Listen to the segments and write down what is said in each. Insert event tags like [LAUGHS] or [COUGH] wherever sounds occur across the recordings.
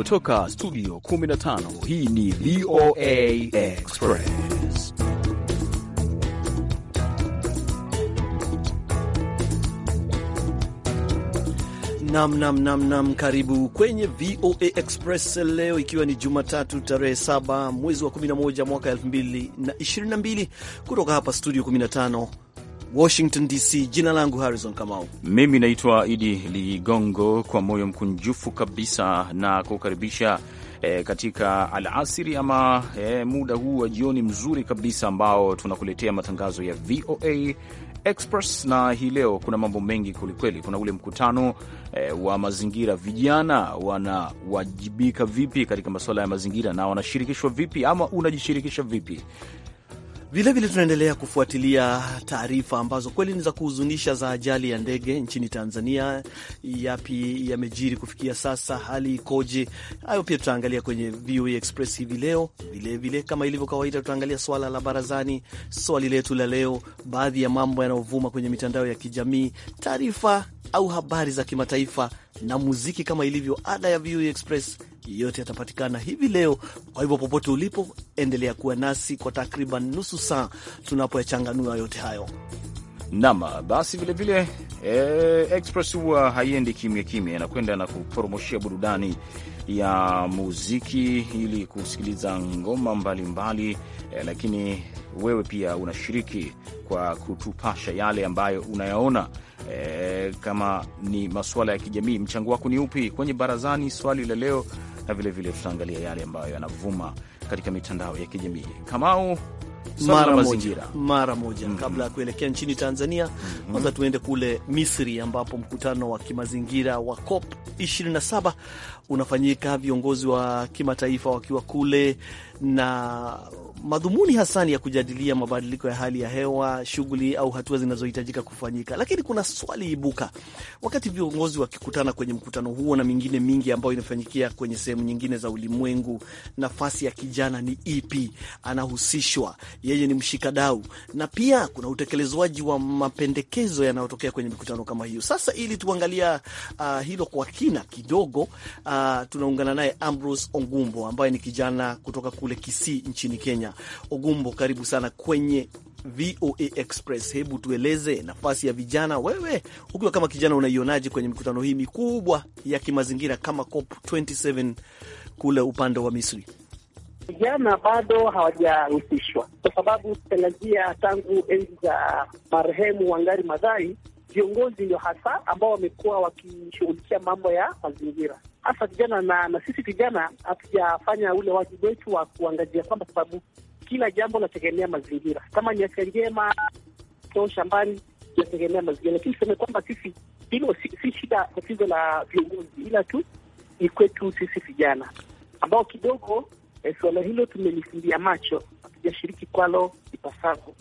Kutoka studio 15 hii ni VOA Express. Nam, nam, nam, nam, karibu kwenye VOA Express leo, ikiwa ni Jumatatu tarehe 7 mwezi wa 11 mwaka 2022 kutoka hapa studio 15 Washington DC. Jina langu Harrison Kamau, mimi naitwa Idi Ligongo, kwa moyo mkunjufu kabisa na kukaribisha E, katika alasiri ama e, muda huu wa jioni mzuri kabisa ambao tunakuletea matangazo ya VOA Express, na hii leo kuna mambo mengi kwelikweli. Kuna ule mkutano e, wa mazingira, vijana wanawajibika vipi katika masuala ya mazingira na wanashirikishwa vipi ama unajishirikisha vipi? Vilevile tunaendelea kufuatilia taarifa ambazo kweli ni za kuhuzunisha za ajali ya ndege nchini Tanzania. Yapi yamejiri kufikia sasa? Hali ikoje? Hayo pia tutaangalia kwenye VOA e Express hivi leo. Vilevile kama ilivyo kawaida, tutaangalia swala la barazani, swali letu la leo, baadhi ya mambo yanayovuma kwenye mitandao ya kijamii, taarifa au habari za kimataifa na muziki, kama ilivyo ada ya VOA e Express yote yatapatikana hivi leo. Kwa hivyo popote ulipo, endelea kuwa nasi kwa takriban nusu saa tunapoyachanganua yote hayo. Nam basi vilevile e, Express huwa haiendi kimya kimya, inakwenda na kupromoshia burudani ya muziki ili kusikiliza ngoma mbalimbali mbali, e, eh, lakini wewe pia unashiriki kwa kutupasha yale ambayo unayaona e, kama ni masuala ya kijamii, mchango wako ni upi kwenye barazani? Swali la leo na vilevile tutaangalia yale ambayo yanavuma katika mitandao ya kijamii. Kamau, mara moja mara moja mm -hmm. Kabla ya kuelekea nchini Tanzania mm-hmm. kwanza mm -hmm. Tuende kule Misri ambapo mkutano wa kimazingira wa COP 27 unafanyika, viongozi wa kimataifa wakiwa kule, na madhumuni hasa ni ya kujadilia mabadiliko ya hali ya hewa, shughuli au hatua zinazohitajika kufanyika. Lakini kuna swali ibuka wakati viongozi wakikutana kwenye mkutano huo na mingine mingi ambayo inafanyikia kwenye sehemu nyingine za ulimwengu, nafasi ya kijana ni ipi? Anahusishwa, yeye ni mshikadau, na pia kuna utekelezwaji wa mapendekezo yanayotokea kwenye mikutano kama hiyo. Sasa ili tuangalia uh, hilo kwa kina kidogo uh, tunaungana naye Ambrose Ogumbo ambaye ni kijana kutoka kule Kisii nchini Kenya. Ogumbo, karibu sana kwenye VOA Express. Hebu tueleze nafasi ya vijana, wewe ukiwa kama kijana unaionaje kwenye mikutano hii mikubwa ya kimazingira kama COP 27 kule upande wa Misri? Vijana bado hawajahusishwa kwa sababu tukiangazia tangu enzi za marehemu Wangari Maathai, viongozi ndio hasa ambao wamekuwa wakishughulikia mambo ya mazingira hasa vijana na, na sisi vijana hatujafanya ule wajibu wetu wa kuangazia kwamba, sababu kila jambo linategemea mazingira. Kama ni afya njema to shambani inategemea mazingira, lakini tuseme kwamba sisi hilo si, si shida tatizo la viongozi, ila tu ni kwetu sisi vijana ambao kidogo eh, suala hilo tumelifumbia macho, hatujashiriki kwalo ipasavyo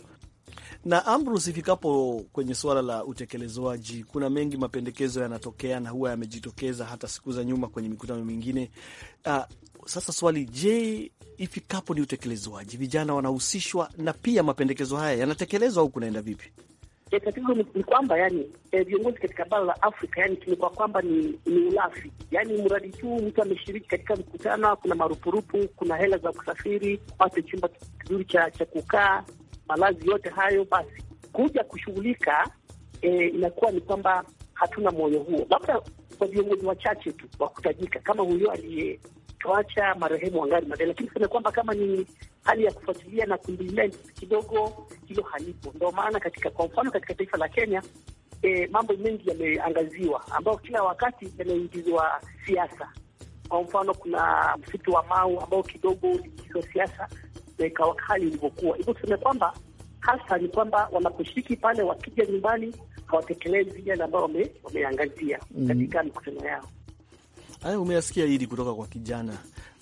na amru ifikapo kwenye suala la utekelezwaji, kuna mengi mapendekezo yanatokea na huwa yamejitokeza hata siku za nyuma kwenye mikutano mingine. Uh, sasa swali, je, ifikapo ni utekelezwaji, vijana wanahusishwa na pia mapendekezo haya yanatekelezwa au kunaenda vipi? tatizo ni, ni kwamba yani e, viongozi katika bara la Afrika yani tumekuwa kwamba ni, ni ulafi yani, mradi tu mtu ameshiriki katika mkutano, kuna marupurupu, kuna hela za kusafiri, apate chumba kizuri cha cha kukaa, malazi yote hayo, basi kuja kushughulika e, inakuwa ni kwamba hatuna moyo huo, labda kwa viongozi wachache tu wa kutajika kama huyo aliyetoacha marehemu Wangari Maathai, lakini sema kwamba kama ni hali ya kufuatilia na kuingilia kidogo, hilo halipo. Ndio maana katika, kwa mfano, katika taifa la Kenya e, mambo mengi yameangaziwa ambayo kila wakati yanaingizwa siasa. Kwa mfano, kuna msitu wa Mau ambao kidogo uliingizwa siasa na ikawa hali ilivyokuwa hivyo. Tuseme kwamba hasa ni kwamba wanaposhiriki pale, wakija nyumbani hawatekelezi yale ambayo wameangazia mm. katika mikutano yao. Haya umeyasikia hili kutoka kwa kijana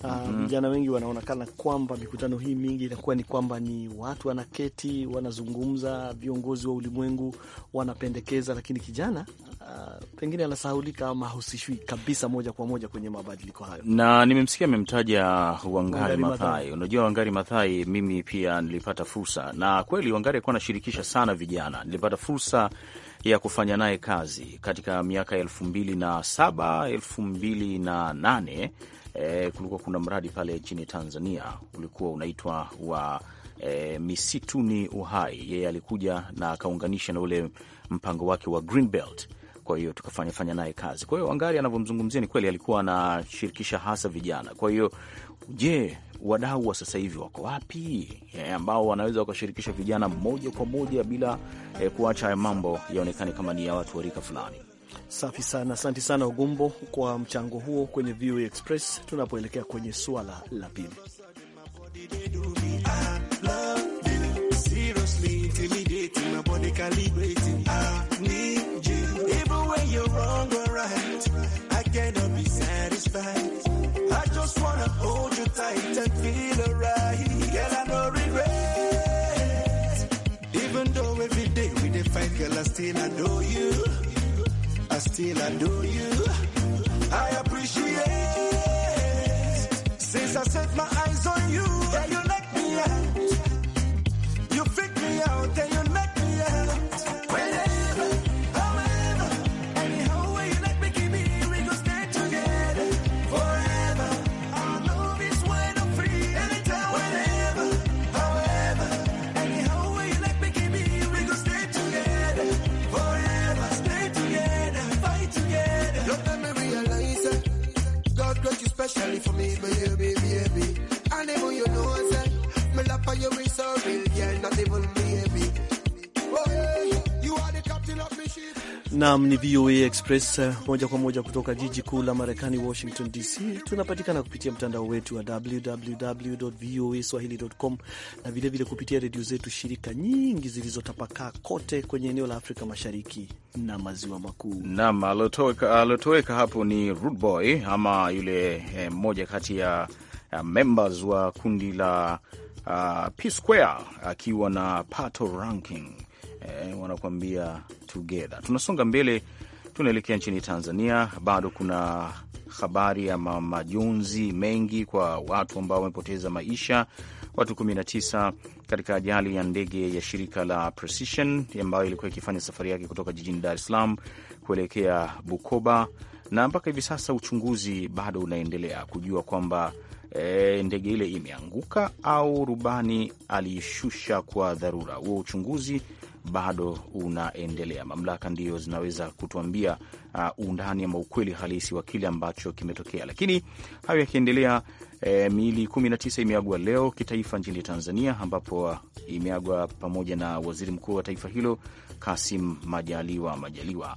ah, mm-hmm. vijana. Uh, wengi wanaonekana kwamba mikutano hii mingi inakuwa ni kwamba ni watu wanaketi wanazungumza, viongozi wa ulimwengu wanapendekeza, lakini kijana Uh, pengine anasahulika ama hahusishwi kabisa moja kwa moja kwenye mabadiliko hayo. Na nimemsikia amemtaja Wangari Mathai. Unajua Wangari Mathai, mimi pia nilipata fursa, na kweli Wangari alikuwa anashirikisha sana vijana. Nilipata fursa ya kufanya naye kazi katika miaka elfu mbili na saba elfu mbili na nane E, kulikuwa kuna mradi pale nchini Tanzania ulikuwa unaitwa wa E, eh, misituni uhai. Yeye alikuja na akaunganisha na ule mpango wake wa Greenbelt kwa hiyo tukafanya fanya naye kazi. Kwa hiyo Wangari anavyomzungumzia ni kweli alikuwa anashirikisha hasa vijana. Kwa hiyo je, wadau wa sasa hivi wako wapi e, ambao wanaweza wakashirikisha vijana moja kwa moja bila e, kuacha mambo yaonekane kama ni ya watu wa rika fulani? Safi sana, asante sana Ugumbo kwa mchango huo kwenye VOA Express. Tunapoelekea kwenye suala la pili wanna hold you tight and feel alright. Girl, I no regret. Even though every day we dey fight, girl, I still adore you. I still adore you. I appreciate since I set my eyes on you. Yeah, you knock me out. You freak me out, and you. especially for me, baby, baby. baby. And even you know, I said, me love for you is so real, yeah, not even me. Nam ni VOA Express eh, moja kwa moja kutoka jiji kuu la Marekani, Washington DC. Tunapatikana kupitia mtandao wetu wa www voa swahili.com na vilevile kupitia redio zetu shirika nyingi zilizotapakaa kote kwenye eneo la Afrika Mashariki na Maziwa Makuu. Nam aliotoweka hapo ni Rudboy ama yule eh, mmoja eh, kati ya uh, members wa kundi la uh, P Square akiwa na Pato Ranking eh, wanakuambia together. Tunasonga mbele, tunaelekea nchini Tanzania. Bado kuna habari ya majonzi mengi kwa watu ambao wamepoteza maisha, watu 19 katika ajali ya ndege ya shirika la Precision ambayo ilikuwa ikifanya safari yake kutoka jijini Dar es Salaam kuelekea Bukoba, na mpaka hivi sasa uchunguzi bado unaendelea kujua kwamba e, ndege ile imeanguka au rubani aliishusha kwa dharura. Huo uchunguzi bado unaendelea. Mamlaka ndiyo zinaweza kutuambia uh, undani ama ukweli halisi wa kile ambacho kimetokea. Lakini hayo yakiendelea, e, miili 19 imeagwa leo kitaifa nchini Tanzania, ambapo imeagwa pamoja na waziri mkuu wa taifa hilo Kasim Majaliwa Majaliwa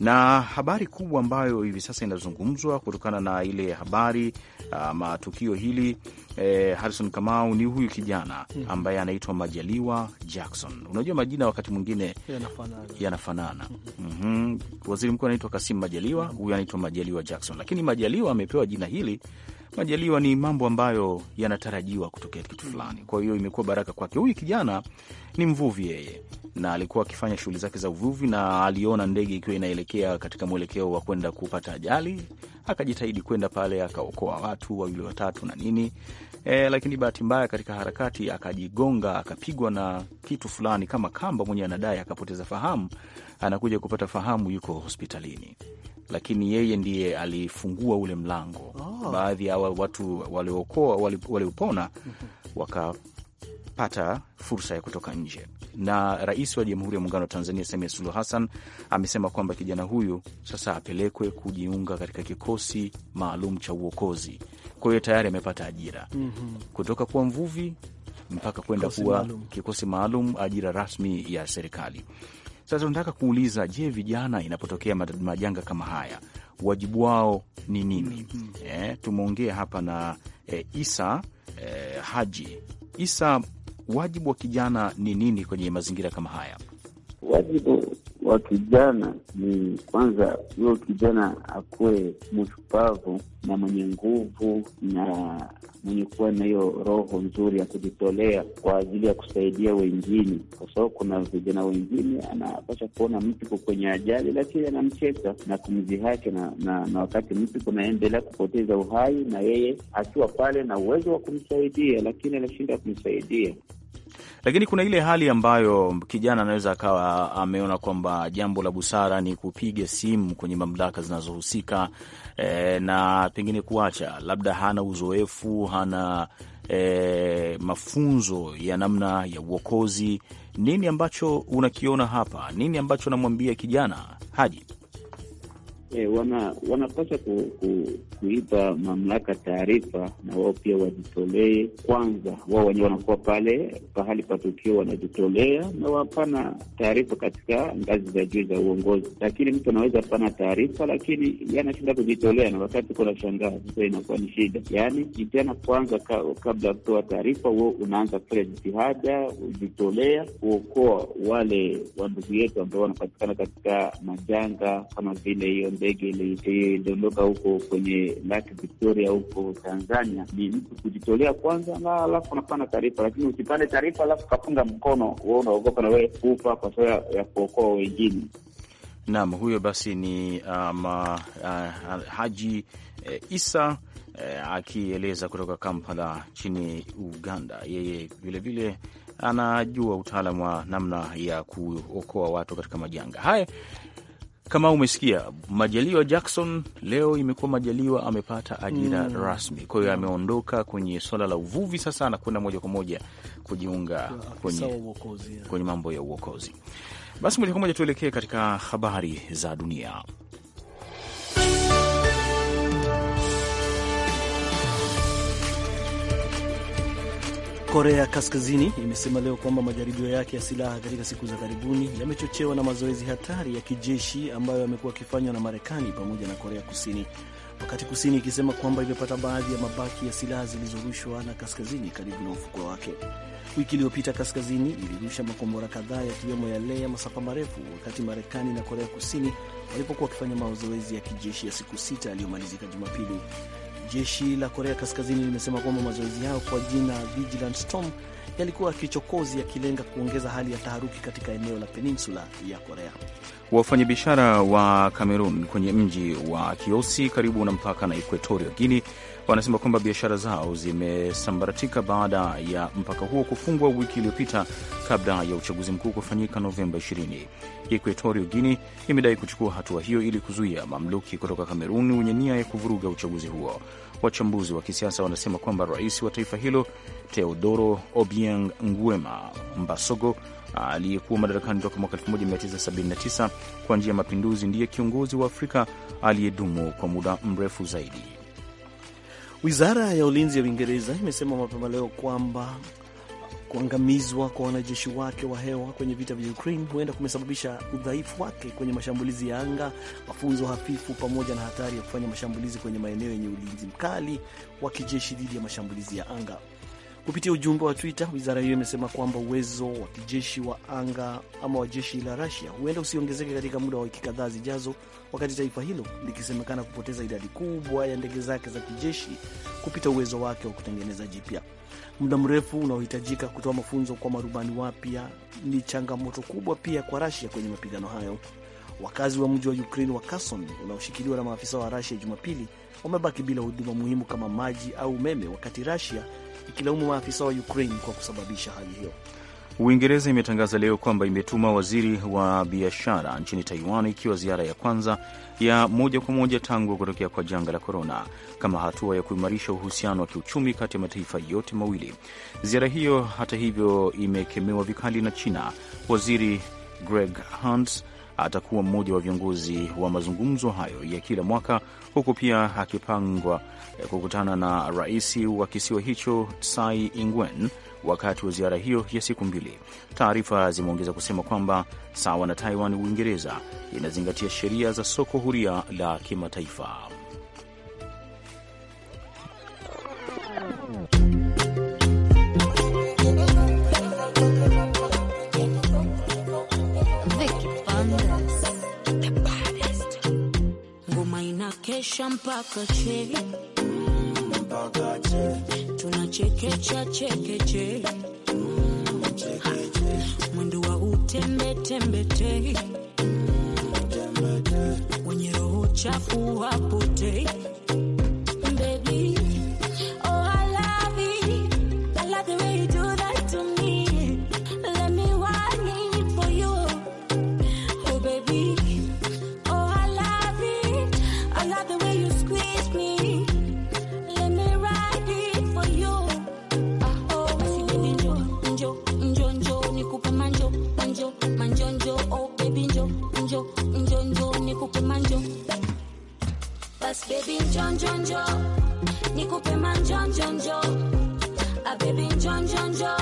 na habari kubwa ambayo hivi sasa inazungumzwa kutokana na ile habari ama ah, tukio hili eh, Harrison Kamau, ni huyu kijana hmm. ambaye anaitwa Majaliwa Jackson. Unajua majina wakati mwingine yanafanana. mm -hmm. Mhm. Waziri mkuu anaitwa Kasim Majaliwa, huyu anaitwa Majaliwa Jackson, lakini Majaliwa amepewa jina hili Majaliwa, ni mambo ambayo yanatarajiwa kutokea kitu fulani, kwa hiyo imekuwa baraka kwake. Huyu kijana ni mvuvi yeye, na alikuwa akifanya shughuli zake za uvuvi, na aliona ndege ikiwa inaelekea katika mwelekeo wa kwenda kupata ajali, akajitahidi kwenda pale, akaokoa watu wawili watatu na nini e, lakini bahati mbaya katika harakati akajigonga, akapigwa na kitu fulani kama kamba, mwenye anadai akapoteza fahamu, anakuja kupata fahamu, yuko hospitalini lakini yeye ndiye alifungua ule mlango oh. Baadhi ya watu waliokoa waliopona [LAUGHS] wakapata fursa ya kutoka nje. Na Rais wa Jamhuri ya Muungano wa Tanzania Samia Suluhu Hassan amesema kwamba kijana huyu sasa apelekwe kujiunga katika kikosi maalum cha uokozi. Kwa hiyo tayari amepata ajira mm -hmm. kutoka kuwa mvuvi mpaka kwenda kuwa kikosi maalum, ajira rasmi ya serikali. Sasa unataka kuuliza, je, vijana inapotokea majanga kama haya wajibu wao ni nini? mm -hmm. Eh, tumeongea hapa na eh, Isa eh, Haji. Isa, wajibu wa kijana ni nini kwenye mazingira kama haya? Wajibu wa kijana ni kwanza, huyo kijana akuwe mshupavu na mwenye nguvu na mwenye kuwa na hiyo roho nzuri ya kujitolea kwa ajili ya kusaidia wengine, kwa sababu kuna vijana wengine anapasha kuona mtu kwenye ajali, lakini anamcheka na kumdhihaki na, na, na wakati mtu kunaendelea kupoteza uhai, na yeye akiwa pale na uwezo wa kumsaidia, lakini anashinda kumsaidia. Lakini kuna ile hali ambayo kijana anaweza akawa ameona kwamba jambo la busara ni kupiga simu kwenye mamlaka zinazohusika e, na pengine kuacha, labda hana uzoefu, hana e, mafunzo ya namna ya uokozi. Nini ambacho unakiona hapa? Nini ambacho namwambia kijana Haji? E, wana, wanapaswa ku, ku, kuipa mamlaka taarifa na wao pia wajitolee kwanza. Wao wenyewe wanakuwa pale pahali pa tukio, wanajitolea na wapana taarifa katika ngazi za juu za uongozi, lakini mtu anaweza pana taarifa, lakini yanashinda kujitolea, na wakati kuna shangaa sasa inakuwa ni shida. Yaani jitana kwanza ka, kabla ya kutoa taarifa, huo unaanza kufanya jitihada, ujitolea kuokoa wale wandugu yetu ambao wanapatikana katika majanga kama vile hiyo ndege iliondoka huko kwenye Lake Victoria huko Tanzania, ni mtu kujitolea kwanza, na alafu unapana taarifa, lakini usipande taarifa alafu ukafunga mkono, we unaogopa na wewe kufa kwa sababu ya kuokoa wengine. Naam, huyo basi ni um, uh, Haji uh, eh, Isa uh, eh, akieleza kutoka Kampala chini Uganda. Yeye vilevile anajua utaalamu wa namna ya kuokoa watu katika majanga haya kama umesikia Majaliwa Jackson leo imekuwa Majaliwa amepata ajira mm. rasmi. Kwa hiyo ameondoka kwenye swala la uvuvi, sasa anakwenda moja kwa moja kujiunga ah, kwenye, kwenye mambo ya uokozi. Basi moja kwa moja tuelekee katika habari za dunia. Korea Kaskazini imesema leo kwamba majaribio yake ya silaha katika siku za karibuni yamechochewa na mazoezi hatari ya kijeshi ambayo yamekuwa akifanywa na Marekani pamoja na Korea Kusini, wakati Kusini ikisema kwamba imepata baadhi ya mabaki ya silaha zilizorushwa na Kaskazini karibu na ufukwa wake. Wiki iliyopita Kaskazini ilirusha makombora kadhaa yakiwemo yale ya masafa marefu, wakati Marekani na Korea Kusini walipokuwa wakifanya mazoezi ya kijeshi ya siku sita yaliyomalizika Jumapili. Jeshi la Korea Kaskazini limesema kwamba mazoezi hayo kwa jina Vigilant Storm yalikuwa kichokozi yakilenga kuongeza hali ya taharuki katika eneo la peninsula ya Korea. Wafanyabiashara wa Kamerun kwenye mji wa Kiosi karibu na mpaka na equatorio Guinea wanasema kwamba biashara zao zimesambaratika baada ya mpaka huo kufungwa wiki iliyopita kabla ya uchaguzi mkuu kufanyika Novemba 20. Equatorio Guinea imedai kuchukua hatua hiyo ili kuzuia mamluki kutoka Kamerun wenye nia ya kuvuruga uchaguzi huo. Wachambuzi wa kisiasa wanasema kwamba rais wa taifa hilo Teodoro Obiang Nguema Mbasogo aliyekuwa madarakani toka mwaka 1979 kwa njia ya mapinduzi ndiye kiongozi wa Afrika aliyedumu kwa muda mrefu zaidi. Wizara ya ulinzi ya Uingereza imesema mapema leo kwamba kuangamizwa kwa wanajeshi wake wa hewa kwenye vita vya Ukraine huenda kumesababisha udhaifu wake kwenye mashambulizi ya anga, mafunzo hafifu, pamoja na hatari ya kufanya mashambulizi kwenye maeneo yenye ulinzi mkali wa kijeshi dhidi ya mashambulizi ya anga. Kupitia ujumbe wa Twitter, wizara hiyo imesema kwamba uwezo wa kijeshi wa anga ama wa jeshi la Rasia huenda usiongezeke katika muda wa wiki kadhaa zijazo, wakati taifa hilo likisemekana kupoteza idadi kubwa ya ndege zake za kijeshi kupita uwezo wake wa kutengeneza jipya. Muda mrefu unaohitajika kutoa mafunzo kwa marubani wapya ni changamoto kubwa pia kwa Rasia kwenye mapigano hayo. Wakazi wa mji wa Ukraine wa Kherson unaoshikiliwa na maafisa wa Rasia Jumapili wamebaki bila huduma muhimu kama maji au umeme, wakati Russia ikilaumu maafisa wa Ukraine kwa kusababisha hali hiyo. Uingereza imetangaza leo kwamba imetuma waziri wa biashara nchini Taiwan, ikiwa ziara ya kwanza ya moja kwa moja tangu kutokea kwa janga la korona, kama hatua ya kuimarisha uhusiano wa kiuchumi kati ya mataifa yote mawili. Ziara hiyo hata hivyo imekemewa vikali na China. Waziri Greg Hunt atakuwa mmoja wa viongozi wa mazungumzo hayo ya kila mwaka, huku pia akipangwa eh, kukutana na rais wa kisiwa hicho Tsai ingwen wakati wa ziara hiyo ya siku mbili. Taarifa zimeongeza kusema kwamba sawa na Taiwan, Uingereza inazingatia sheria za soko huria la kimataifa. tunachekesha mpaka che tunachekecha chekeche mwendo wa utembetembete wenye roho chafu hapote njonjo nikupe manjonjonjo abebi ah, njonjonjo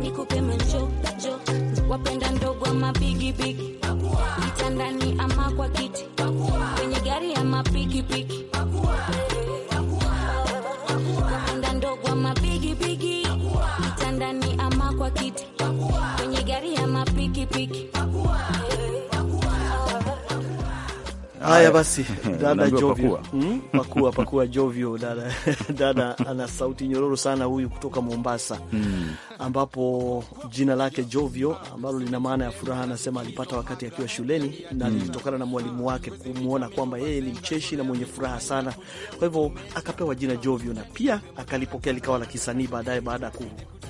nikupe manjojo wapenda ndogo mabigibigi Haya basi, [LAUGHS] dada Jovio [LAUGHS] hmm? pakua pakua Jovyo, dada [LAUGHS] dada ana sauti nyororo sana huyu kutoka Mombasa mm. ambapo jina lake Jovyo ambalo lina maana ya furaha, anasema alipata wakati akiwa shuleni na lilitokana hmm. mm. na mwalimu wake kumwona kwamba yeye ni mcheshi na mwenye furaha sana, kwa hivyo akapewa jina Jovyo na pia akalipokea likawa la kisanii baadaye baada ya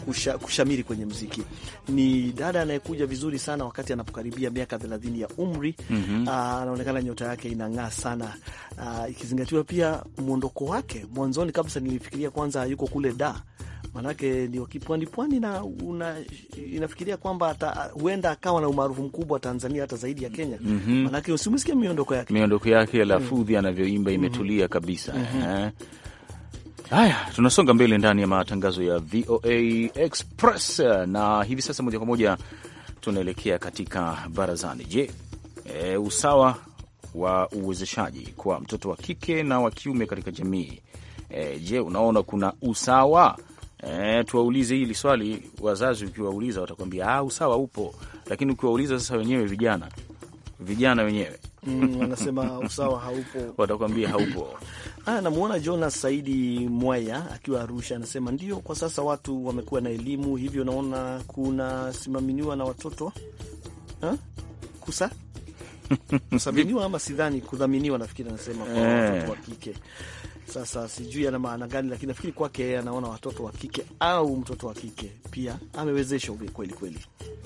kusha, kushamiri kwenye mziki. Ni dada anayekuja vizuri sana wakati anapokaribia miaka thelathini ya umri mm -hmm. Uh, Anaonekana nyota yake inang'aa sana uh, ikizingatiwa pia mwondoko wake. Mwanzoni kabisa nilifikiria kwanza yuko kule da manake ni wakipwani pwani na una, inafikiria kwamba huenda akawa na umaarufu mkubwa Tanzania hata zaidi ya Kenya mm -hmm. Manake usimsikia miondoko yake miondoko yake mm. lafudhi mm -hmm. anavyoimba imetulia mm. kabisa mm -hmm. eh. Haya, tunasonga mbele ndani ya matangazo ya VOA Express, eh, na hivi sasa moja kwa moja tunaelekea katika barazani. Je, e, usawa wa uwezeshaji kwa mtoto wa kike na wa kiume katika jamii e, je, unaona kuna usawa? E, tuwaulize hili swali wazazi. Ukiwauliza watakwambia ah, usawa upo, lakini ukiwauliza sasa wenyewe vijana vijana wenyewe mm, anasema usawa haupo, [LAUGHS] watakwambia haupo. Aya, ah, namwona Jonas Saidi Mwaya akiwa Arusha, anasema ndio, kwa sasa watu wamekuwa na elimu hivyo, naona kunasimaminiwa na watoto ha? kusa [LAUGHS] kusaminiwa ama sidhani kudhaminiwa, nafikiri anasema kwa eh. watoto wa kike sasa sijui ana maana gani, lakini nafikiri kwake yeye anaona watoto wa kike au mtoto wa kike pia amewezeshwa kweli kweli.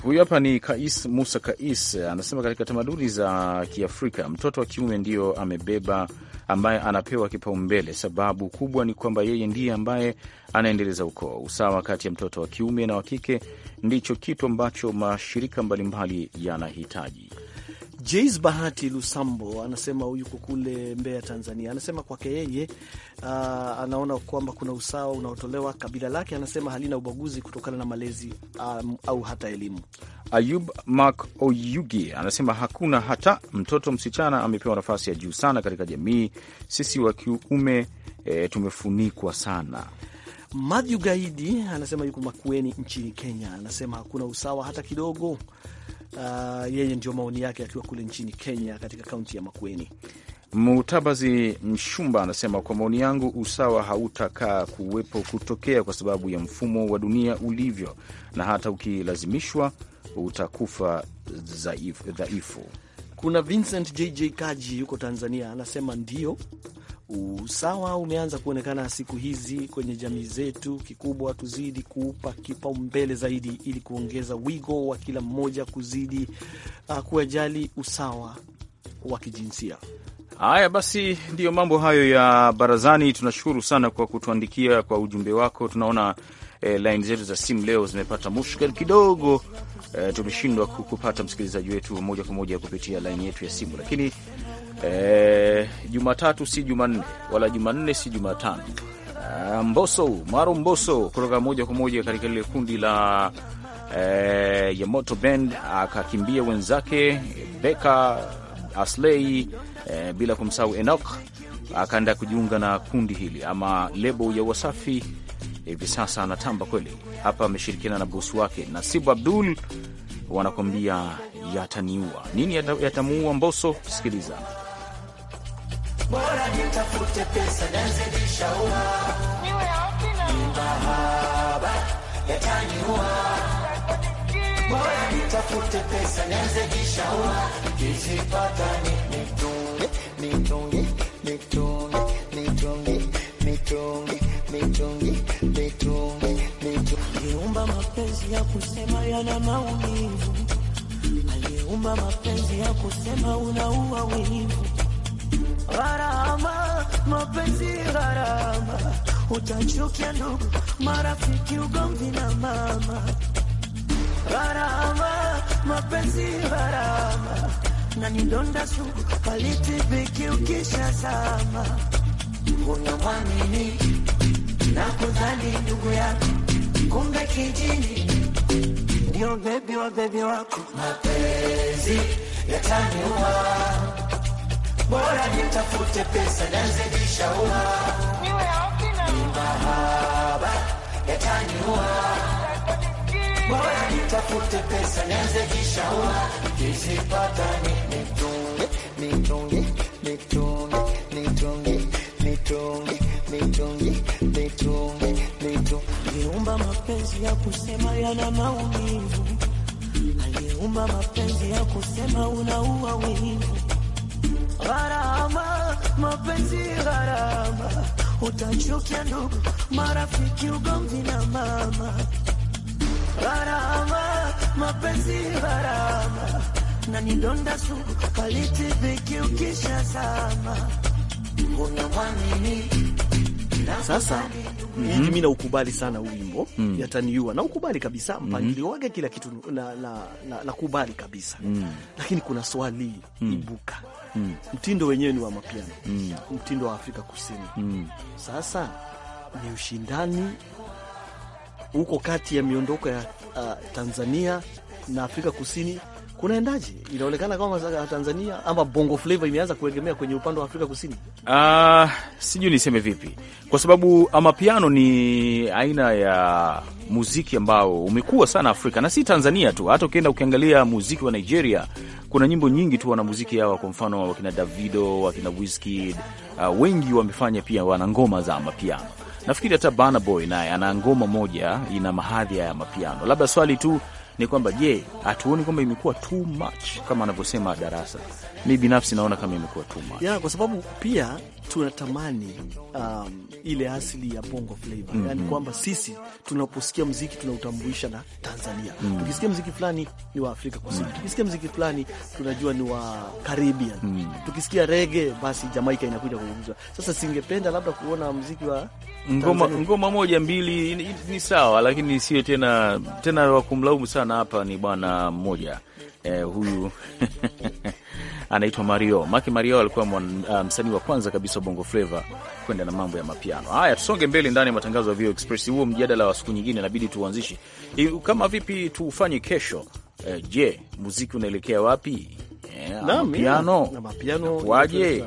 Huyu hapa ni Kais Musa Kais, anasema katika tamaduni za Kiafrika mtoto wa kiume ndiyo amebeba, ambaye anapewa kipaumbele. Sababu kubwa ni kwamba yeye ndiye ambaye anaendeleza ukoo. Usawa kati ya mtoto wa kiume na wa kike ndicho kitu ambacho mashirika mbalimbali yanahitaji. Jais Bahati Lusambo anasema yuko kule Mbeya, Tanzania. Anasema kwake yeye uh, anaona kwamba kuna usawa unaotolewa. Kabila lake anasema halina ubaguzi kutokana na malezi um, au hata elimu. Ayub Mak Oyugi anasema hakuna hata mtoto msichana amepewa nafasi ya juu sana katika jamii. Sisi wa kiume e, tumefunikwa sana. Mathew Gaidi anasema yuko Makueni nchini Kenya. Anasema hakuna usawa hata kidogo Uh, yeye ndio maoni yake akiwa kule nchini Kenya katika kaunti ya Makueni. Mutabazi Mshumba anasema kwa maoni yangu, usawa hautakaa kuwepo kutokea kwa sababu ya mfumo wa dunia ulivyo, na hata ukilazimishwa utakufa dhaifu. Kuna Vincent JJ Kaji yuko Tanzania anasema ndio usawa umeanza kuonekana siku hizi kwenye jamii zetu. Kikubwa tuzidi kuupa kipaumbele zaidi, ili kuongeza wigo wa kila mmoja, kuzidi uh, kuwajali usawa wa kijinsia. Haya basi, ndiyo mambo hayo ya barazani. Tunashukuru sana kwa kutuandikia kwa ujumbe wako. Tunaona eh, laini zetu za simu leo zimepata mushkel kidogo. Eh, tumeshindwa kupata msikilizaji wetu moja kwa moja kupitia laini yetu ya simu, lakini e, Jumatatu si Jumanne wala Jumanne si Jumatano. Ah, Mboso Maro Mboso kutoka moja kwa moja katika lile kundi la e, Yamoto Band akakimbia wenzake Beka Aslei e, eh, bila kumsahau Enok akaenda kujiunga na kundi hili ama lebo ya Wasafi. Hivi sasa anatamba kweli hapa, ameshirikiana na bosi wake Nasibu Abdul, wanakuambia yataniua nini, yatamuua Mboso. Sikiliza bora nitafute pesa nazidisha ua mahaba yataniua bora mapenzi ya kusema yana maumivu aliyeumba mapenzi ya kusema unaua wivu gharama, mapenzi gharama, utachukia ndugu, marafiki, ugomvi na mama. Gharama, mapenzi gharama, na ni donda sugu halitibiki ukisha zama. Unamwamini na kudhani ndugu yako, kumbe kijini ndio bebi wa bebi wako. Mapenzi yataniua bora nitafute pesa nazidisha uma mahaba yataniua bora nitafute pesa nazidisha uma nikizipata nitunge nitunge nitunge nitunge nitunge nitunge nitunge nitunge aliumba mapenzi ya kusema yana maumivu aliumba mapenzi ya kusema unaua wivu gharama, mapenzi gharama, utachukia ndugu, marafiki, ugomvi na mama. Gharama, mapenzi gharama, na ni donda sugu kalitibiki ukisha sama, unamwamini sasa mm-hmm. Mm-hmm. mimi mm -hmm. naukubali sana wimbo mm -hmm. yataniua, ukubali kabisa mm-hmm. mpangilio mm -hmm. wake, kila kitu na, na, na, kubali kabisa mm -hmm. lakini kuna swali mm -hmm. ibuka mm -hmm. mtindo wenyewe ni wa mapiano mm -hmm. mtindo wa Afrika Kusini mm -hmm. sasa ni ushindani huko kati ya miondoko ya uh, Tanzania na Afrika Kusini kunaendaje? Inaonekana kama Tanzania ama bongo flava imeanza kuegemea kwenye upande wa Afrika Kusini. Uh, sijui niseme vipi, kwa sababu amapiano ni aina ya muziki ambao umekuwa sana Afrika na si Tanzania tu. Hata ukienda ukiangalia muziki wa Nigeria, kuna nyimbo nyingi tu wana muziki hawa, kwa mfano wakina Davido, wakina Wizkid, uh, wengi wamefanya pia, wana ngoma za amapiano. Nafikiri hata Burna Boy naye ana ngoma moja ina mahadhi ya amapiano. Labda swali tu ni kwamba je, hatuoni kwamba imekuwa too much kama anavyosema Darasa? Mi binafsi naona kama imekuwa too much ya, kwa sababu pia tunatamani um, ile asili ya bongo flava mm -hmm. Yani kwamba sisi tunaposikia mziki tunautambulisha na Tanzania mm -hmm. Tukisikia mziki fulani ni wa Afrika Kusini mm -hmm. Tukisikia mziki fulani tunajua ni wa Caribbean mm -hmm. Tukisikia rege basi Jamaika inakuja kuzungumzwa. Sasa singependa labda kuona mziki wa ngoma, ngoma moja mbili ni, ni sawa, lakini sio tena tena wakumlaumu sana hapa ni bwana mmoja eh, huyu [LAUGHS] anaitwa Mario Maki. Mario alikuwa uh, msanii wa kwanza kabisa wa Bongo Flava kwenda na mambo ya mapiano haya. Tusonge mbele ndani ya matangazo ya Vio Express. Huo mjadala wa siku nyingine inabidi tuuanzishe, kama vipi tuufanye kesho. E, je, muziki unaelekea wapi? E, mapiano waje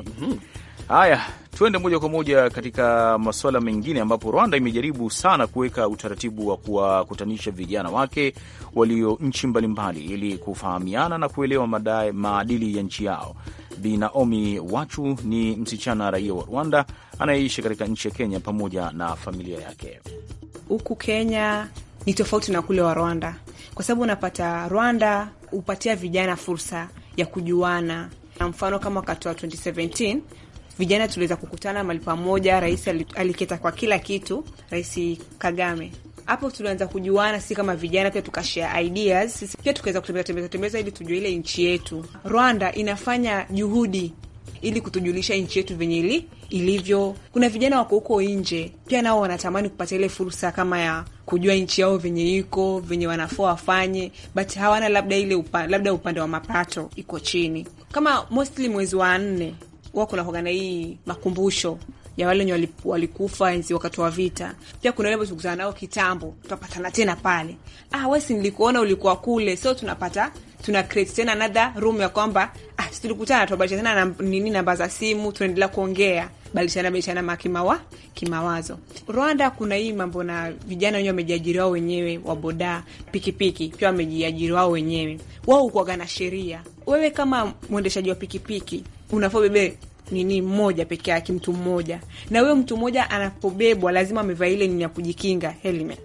Haya, tuende moja kwa moja katika masuala mengine, ambapo Rwanda imejaribu sana kuweka utaratibu wa kuwakutanisha vijana wake walio nchi mbalimbali ili kufahamiana na kuelewa madai, maadili ya nchi yao. Bi Naomi Wachu ni msichana raia wa Rwanda anayeishi katika nchi ya Kenya pamoja na familia yake. Huku Kenya ni tofauti na kule wa Rwanda kwa sababu unapata Rwanda hupatia vijana fursa ya kujuana, na mfano kama wakati wa 2017 vijana tuliweza kukutana mali pamoja. Rais aliketa kwa kila kitu, Rais Kagame hapo tulianza kujuana sisi kama vijana, pia tukashare ideas. Sisi pia tukaweza kutembeza tembeza tembeza ili tujue ile nchi yetu. Rwanda inafanya juhudi ili kutujulisha nchi yetu venye ili ilivyo. Kuna vijana wako huko nje pia nao wanatamani kupata ile fursa kama ya kujua nchi yao venye iko venye wanafaa wafanye, but hawana labda ile upa, labda upande wa mapato iko chini. Kama mostly mwezi wa nne wako na kuagana hii makumbusho ya wale wenye walikufa enzi wakati wa vita. Pia kuna wale tukutana nao kitambo, tutapatana tena pale. Ah, wesi nilikuona ulikuwa kule, so tunapata tuna create tena another room ya kwamba ah, si tulikutana, tubadilishana tena nini, namba za simu, tunaendelea kuongea balishana balishana makimawa kimawazo. Rwanda kuna hii mambo na vijana wenyewe wamejiajiri wao wenyewe, waboda pikipiki pia wamejiajiri wao wenyewe. Wao hukuaga na sheria, wewe kama mwendeshaji wa pikipiki unafaa ubebe nini mmoja peke yake, mtu mmoja. Na huyo mtu mmoja anapobebwa, lazima amevaa ile nini ya kujikinga, helmet.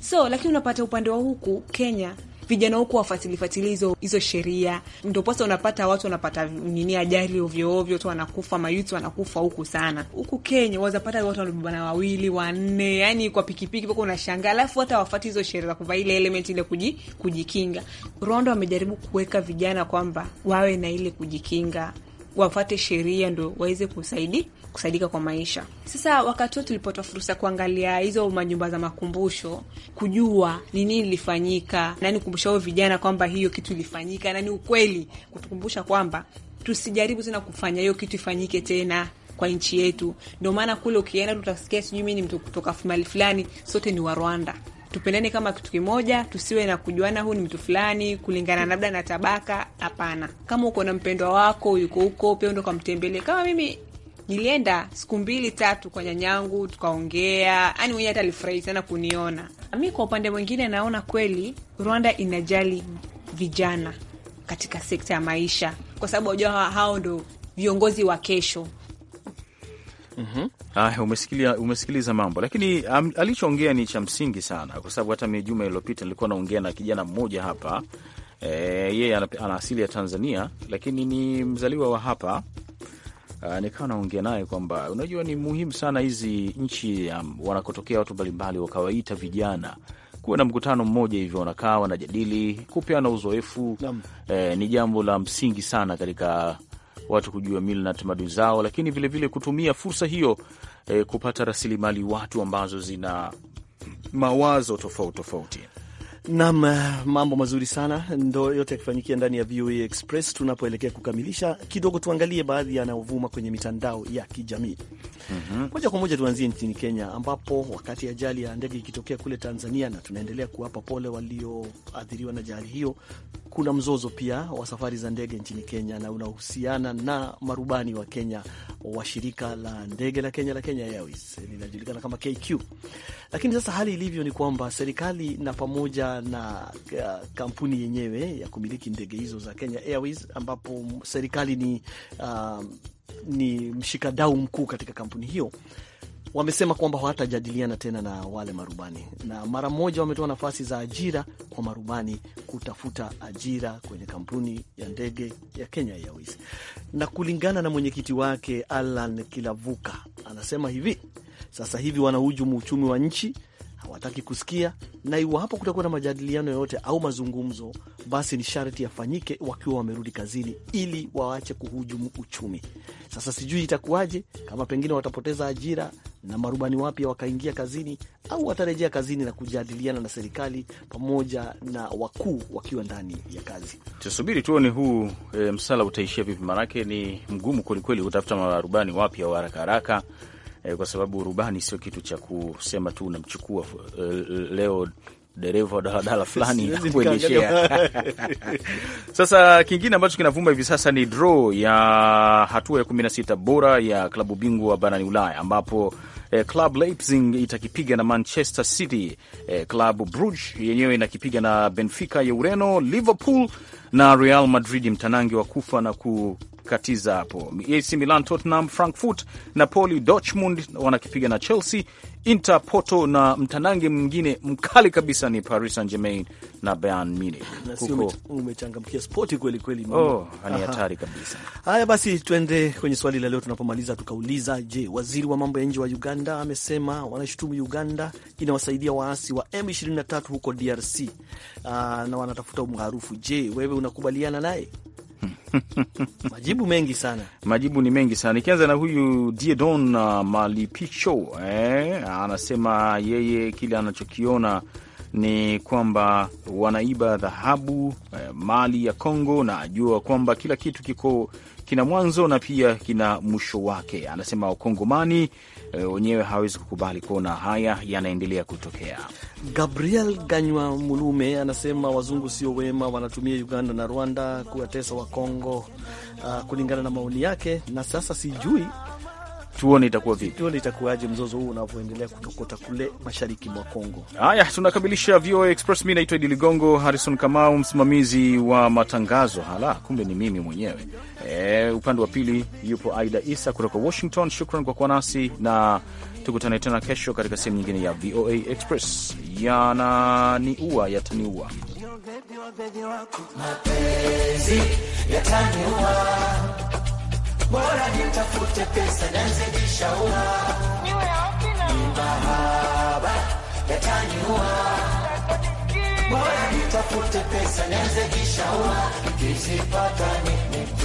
So lakini unapata upande wa huku Kenya vijana huku wafatilifatili hizo hizo sheria, ndo posa unapata watu wanapata nini ajali ovyoovyo tu, wanakufa mayuti, wanakufa huku sana. Huku Kenya wazapata watu wanabebana wawili wanne, yani kwa pikipiki paka unashangaa, alafu hata wafati hizo sheria za kuvaa ile element ile kuji, kujikinga. Rwanda wamejaribu kuweka vijana kwamba wawe na ile kujikinga wafate sheria ndo waweze kusaidi, kusaidika kwa maisha. Sasa wakati huo tulipata fursa kuangalia hizo manyumba za makumbusho, kujua ni nini ilifanyika, nani kukumbusha hao vijana kwamba hiyo kitu ilifanyika, nani ukweli kutukumbusha kwamba tusijaribu tena kufanya hiyo kitu ifanyike tena kwa nchi yetu. Ndio maana kule ukienda tutasikia sijui mi ni mtu kutoka mali fulani, sote ni Warwanda tupendane kama kitu kimoja, tusiwe na kujuana huu ni mtu fulani kulingana labda na tabaka. Hapana, kama uko na mpendwa wako yuko huko, pia ndo kamtembele. Kama mimi nilienda siku mbili tatu kwa nyanyangu, tukaongea, yani mwenyewe hata alifurahi sana kuniona mi. Kwa upande mwingine, naona kweli Rwanda inajali vijana katika sekta ya maisha, kwa sababu wajua hao ndo viongozi wa kesho mm -hmm. Ah, umesikiliza, umesikiliza mambo lakini um, alichoongea ni cha msingi sana, kwa sababu hata mi juma iliyopita nilikuwa naongea na kijana mmoja hapa e, yeye ana asili ya Tanzania lakini ni mzaliwa wa hapa Uh, nikawa naongea naye kwamba unajua ni muhimu sana hizi nchi um, wanakotokea watu mbalimbali wakawaita vijana kuwe na mkutano mmoja hivyo, wanakaa wanajadili, kupeana uzoefu eh, ni jambo la msingi sana katika watu kujua mila na tamaduni zao, lakini vilevile vile kutumia fursa hiyo eh, kupata rasilimali watu ambazo zina mawazo tofauti tofauti nam eh, mambo mazuri sana ndo yote yakifanyikia ndani ya VOA Express. Tunapoelekea kukamilisha kidogo, tuangalie baadhi yanayovuma kwenye mitandao ya kijamii mhm. moja mm -hmm. kwa moja tuanzie nchini Kenya, ambapo wakati ajali ya ndege ikitokea kule Tanzania, na tunaendelea kuwapa pole walioathiriwa na ajali hiyo, kuna mzozo pia wa safari za ndege nchini Kenya na unahusiana na marubani wa Kenya wa shirika la ndege la Kenya la Kenya Airways linajulikana kama KQ. Lakini sasa hali ilivyo ni kwamba serikali na pamoja na uh, kampuni yenyewe ya kumiliki ndege hizo za Kenya Airways, ambapo serikali ni, uh, ni mshikadau mkuu katika kampuni hiyo wamesema kwamba hawatajadiliana tena na wale marubani, na mara moja wametoa nafasi za ajira kwa marubani kutafuta ajira kwenye kampuni ya ndege ya Kenya Airways. Na kulingana na mwenyekiti wake Alan Kilavuka, anasema hivi sasa hivi wanahujumu uchumi wa nchi hawataki kusikia, na iwapo kutakuwa na majadiliano yoyote au mazungumzo, basi ni sharti yafanyike wakiwa wamerudi kazini, ili waache kuhujumu uchumi. Sasa sijui itakuwaje, kama pengine watapoteza ajira na marubani wapya wakaingia kazini, au watarejea kazini na kujadiliana na serikali pamoja na wakuu wakiwa ndani ya kazi. Tusubiri tuone huu e, msala utaishia vipi, maanake ni mgumu kwelikweli kutafuta marubani wapya wa haraka haraka eh, kwa sababu rubani sio kitu cha kusema tu unamchukua eh, leo dereva wa daladala fulani kuendeshea. [LAUGHS] Sasa kingine ambacho kinavuma hivi sasa ni draw ya hatua ya sita bora ya klabu bingwa barani Ulaya ambapo eh, Club Leipzig itakipiga na Manchester City, eh, Club Brugge yenyewe inakipiga na Benfica ya Ureno, Liverpool na Real Madrid mtanangi wa kufa na ku katiza hapo. AC Milan, Tottenham, Frankfurt, Napoli, Dortmund wanakipiga na Chelsea, Inter, Porto na mtanange mwingine mkali kabisa ni Paris Saint Germain na Bayern Munich. Umechangamkia spoti kweli kweli, oh, ni hatari kabisa. Haya basi, tuende kwenye swali la leo tunapomaliza, tukauliza je, waziri wa mambo ya nje wa Uganda amesema wanashutumu Uganda inawasaidia waasi wa M23 huko DRC. Aa, ah, na wanatafuta umaarufu. Je, wewe unakubaliana naye? [LAUGHS] majibu mengi sana, majibu ni mengi sana. Nikianza na huyu Diedon Malipicho eh, anasema yeye kile anachokiona ni kwamba wanaiba dhahabu eh, mali ya Kongo, na ajua kwamba kila kitu kiko kina mwanzo na pia kina mwisho wake. Anasema wakongomani e, wenyewe hawezi kukubali kuona haya yanaendelea kutokea. Gabriel Ganywa Mulume anasema wazungu sio wema, wanatumia Uganda na Rwanda kuwatesa Wakongo, uh, kulingana na maoni yake, na sasa sijui tuone itakuwa vipi, tuone itakuwaje mzozo huu unavyoendelea kutokota kule mashariki mwa Kongo. Haya, tunakamilisha VOA Express. Mi naitwa Idi Ligongo, Harrison Kamau msimamizi wa matangazo. Hala, kumbe ni mimi mwenyewe. E, upande wa pili yupo Aida Isa kutoka Washington. Shukran kwa kuwa nasi na tukutane tena kesho katika sehemu nyingine ya VOA Express. Yananiua yataniua bora nitafute pesa nazidisha ua mahaba yataniua bora nitafute pesa nazidisha ua nikizipata